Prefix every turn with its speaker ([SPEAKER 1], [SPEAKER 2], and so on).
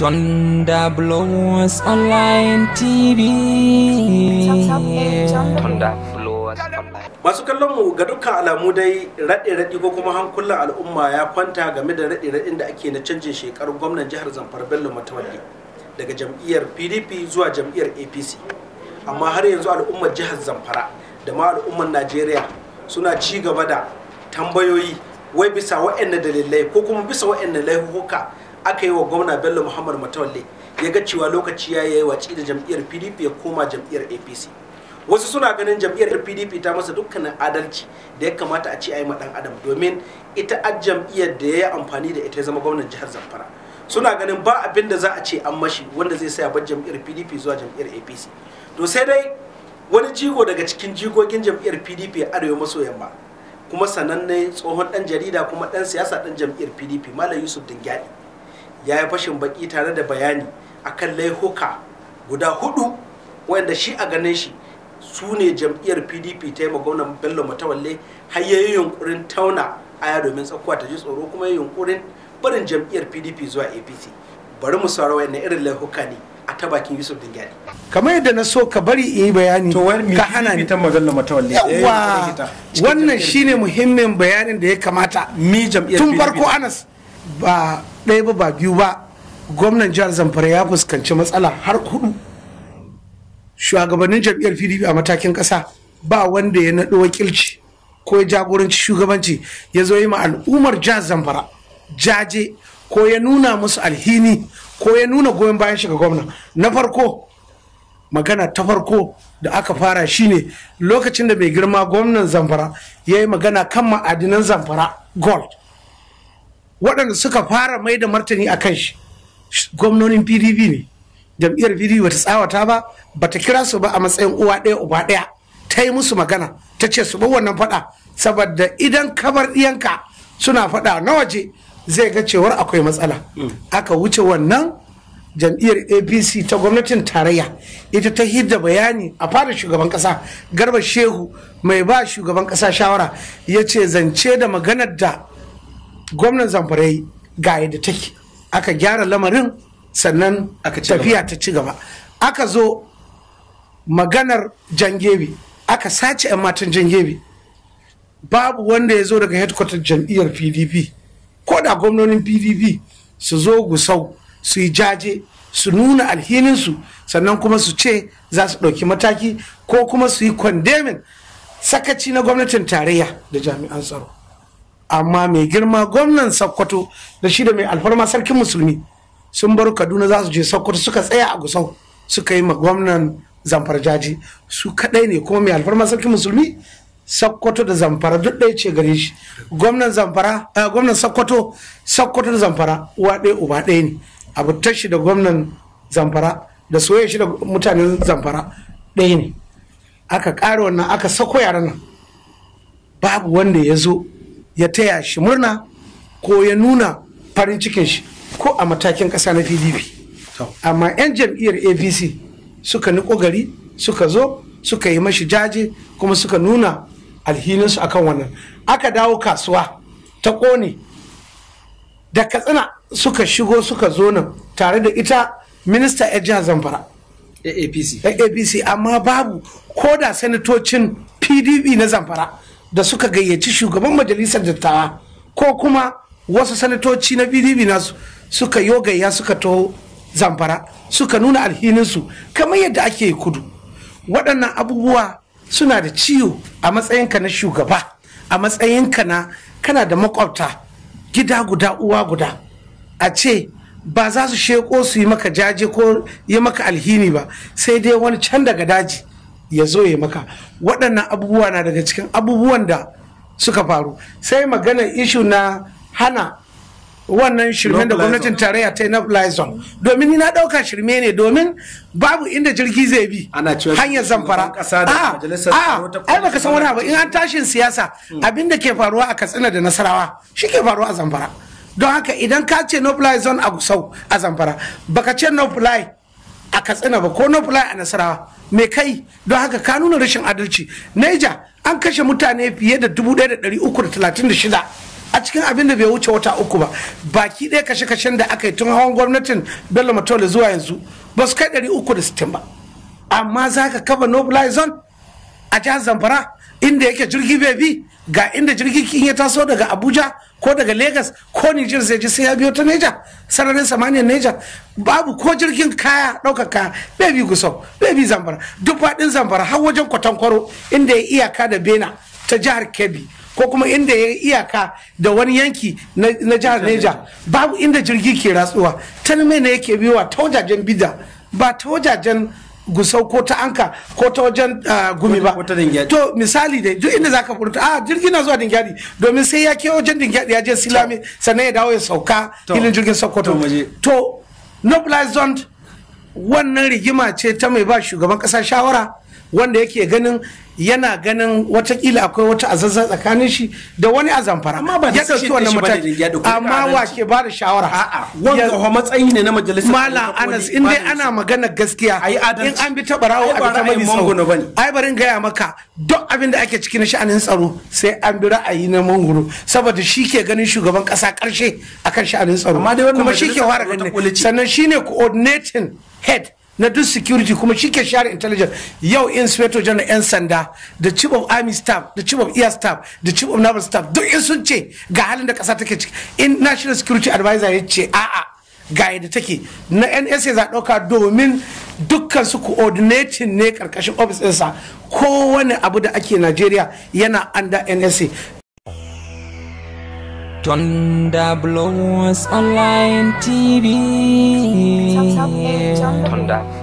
[SPEAKER 1] Thunder Blows Online TV. Masu kallon mu ga dukkan alamu dai raɗe-raɗi ko kuma hankulan al'umma ya kwanta game da raɗe-raɗin da ake na canjin shekarun gwamnan jihar Zamfara Bello Matawalle daga jam'iyyar PDP zuwa jam'iyyar APC. Amma har yanzu al'ummar jihar Zamfara da ma al'ummar Najeriya suna ci gaba da tambayoyi wai bisa waɗanne dalilai ko kuma bisa waɗanne laifuka aka yi wa gwamna bello muhammad matawalle ya ga cewa lokaci ya yi waci da jam'iyyar pdp ya koma jam'iyyar apc wasu suna ganin jam'iyyar pdp ta masa dukkanin adalci da ya kamata a ce a yi dan adam domin ita a jam'iyyar da ya yi amfani da ita ya zama gwamnan jihar zamfara suna ganin ba abin da za a ce an mashi wanda zai saya bar jam'iyyar pdp zuwa jam'iyyar apc to sai dai wani jigo daga cikin jigogin jam'iyyar pdp arewa maso yamma kuma sanannen tsohon dan jarida kuma dan siyasa dan jam'iyyar pdp malam yusuf dingyadi ya yi fashin baki tare da bayani akan laihuka guda hudu wanda shi a ganin shi su ne jam'iyyar pdp ta yi gwamnan bello matawalle har yunkurin tauna aya domin tsakuwa ta ji tsoro kuma yi yunkurin barin jam'iyyar pdp zuwa apc bari mu saurara wayan irin laihuka ne a ta bakin yusuf dingali
[SPEAKER 2] kamar yadda na so ka bari in yi bayani ka hana ni eh, yawa wannan shine muhimmin bayanin da ya kamata tun farko anas ba ɗaya ba ba biyu ba gwamnan jihar zamfara ya fuskanci matsala har kuɗu, shugabannin jam'iyyar pdp a matakin ƙasa ba wanda ya naɗo wakilci ko ya jagoranci shugabanci ya zo yi ma al'ummar jihar zamfara jaje ko ya nuna musu alhini ko ya nuna goyon bayan shiga gwamna na farko magana ta farko da aka fara shine lokacin da mai girma gwamnan zamfara ya yi magana kan ma'adinan zamfara gold waɗanda suka fara mai da martani a kan shi gwamnonin pdp ne jam'iyyar pdp bata tsawata ba bata kira su ba a matsayin uwa ɗaya uba ɗaya ta yi musu magana ta ce su bar wannan faɗa saboda idan kabar ɗiyanka suna faɗa na waje zai ga cewar akwai matsala mm. aka wuce wannan jam'iyyar apc ta gwamnatin tarayya ita ta hidda bayani a fara shugaban kasa garba shehu mai ba shugaban kasa shawara ya ce zance da maganar da gwamnan zamfarai ga yadda take aka gyara lamarin sannan tafiya ta ci gaba aka zo maganar jangebe aka sace 'yan matan jangebe babu wanda ya zo daga headquarter jam'iyyar pdp ko da gwamnonin pdp su zo gusau su yi jaje su nuna alhininsu sannan kuma su ce za su ɗauki mataki ko kuma su yi kwandemin sakaci na gwamnatin tarayya da jami'an tsaro amma mai girma gwamnan sokoto da shi da mai alfarma sarkin musulmi sun bar kaduna za su je sokoto suka tsaya a gusau suka yi ma gwamnan zamfar jaji su kadai ne kuma mai alfarma sarkin musulmi sokoto da zamfara duk ɗaya ce gare shi gwamnan zamfara eh, gwamnan da zamfara uwa ɗaya uba ɗaya ne abu tashi da gwamnan zamfara da soyayya shi da mutanen zamfara ɗaya ne aka ƙara wannan aka sako yaran nan babu wanda ya zo ya taya shi murna ko ya nuna farin cikin shi ko a matakin ƙasa na pdp amma 'yan jam'iyyar apc suka niƙo gari suka zo suka yi mashi jaje kuma suka nuna alhininsu akan wannan aka dawo kasuwa ta ƙone da katsina suka shigo suka zo nan tare da ita minista ya jihar zamfara apc apc amma babu ko da sanatocin pdp na zamfara da suka gayyaci shugaban majalisar dattawa ko kuma wasu sanatoci na pdp nasu suka yogaya suka taho zamfara suka nuna alhininsu kamar yadda ake kudu waɗannan abubuwa suna da ciwo a matsayinka na shugaba a matsayinka na kana da makwabta gida guda uwa guda a ce ba za su sheko su yi maka jaje ko yi maka alhini ba sai dai wani can daga daji ya zo ya maka waɗannan abubuwa na daga cikin abubuwan da suka faru sai magana ishu na hana wannan shirmen da gwamnatin tarayya ta yi na lizon domin na ɗauka shirme ne domin babu inda jirgi zai bi hanyar zamfara ah, ah, ai baka san wani abu in an tashin siyasa hmm. abinda ke faruwa a katsina da nasarawa shi ke faruwa a zamfara don haka idan ka ce no fly zone a gusau a zamfara baka ce no fly a katsina ba ko no fly a nasarawa mai kai don haka ka nuna rashin adalci Neja an kashe mutane fiye da 1336 a cikin abin da bai wuce wata uku ba baki ɗaya kashe-kashen da aka yi tun hawan gwamnatin bello matole zuwa yanzu ba su kai 360 ba amma za ka kaba no fly zone a jihar zamfara inda yake jirgi bai bi ga inda jirgin kin ya taso daga abuja ko daga lagos ko niger zai ji sai ya biyo ta neja sararin samaniyar neja babu ko jirgin kaya ɗaukar kaya bebi gusau bi zambara. duk faɗin zambara har wajen kwatankwaro inda ya iyaka da bena ta jihar kebbi ko kuma inda ya iyaka da wani yanki na jihar neja babu inda jirgi ke ratsuwa ta ne yake biyowa ta wajajen bida ba ta wajajen gusau ko ta anka ko ta wajen ah, gumi ba to misali dai duk inda zaka furta a ah, jirgi na zuwa dingyadi domin sai ya ke wajen dingyadi ya je silami sannan ya dawo ya sauka ilin jirgin sokoto to no zone wannan rigima ce ta mai ba shugaban kasa shawara wanda yake ganin yana ganin watakila akwai wata azazza tsakanin shi da wani a zamfara amma ba ya dauki wannan mataki amma wa ke ba da shawara wanda ho matsayi ne na majalisar mala anas in dai ana magana gaskiya in an bi ta barawo a ta mabi bane ai barin gaya maka duk abin da ake ciki na sha'anin tsaro sai an bi ra'ayi na mangoro saboda shi ke ganin shugaban kasa karshe akan sha'anin tsaro kuma shi ke fara ganin sannan shine coordinating head na duk security kuma shi ke share intelligence yau inspector general yan sanda da chief of army staff da chief of air staff da chief of naval staff duk in sun ce ga halin da kasa take ciki in national security advisor ya ce a'a ga yadda take na nsa za ɗauka domin dukkan su coordinating ne karkashin office ɗinsa kowane abu da ake najeriya yana under
[SPEAKER 1] nsa Thunder Online TV. Thunder.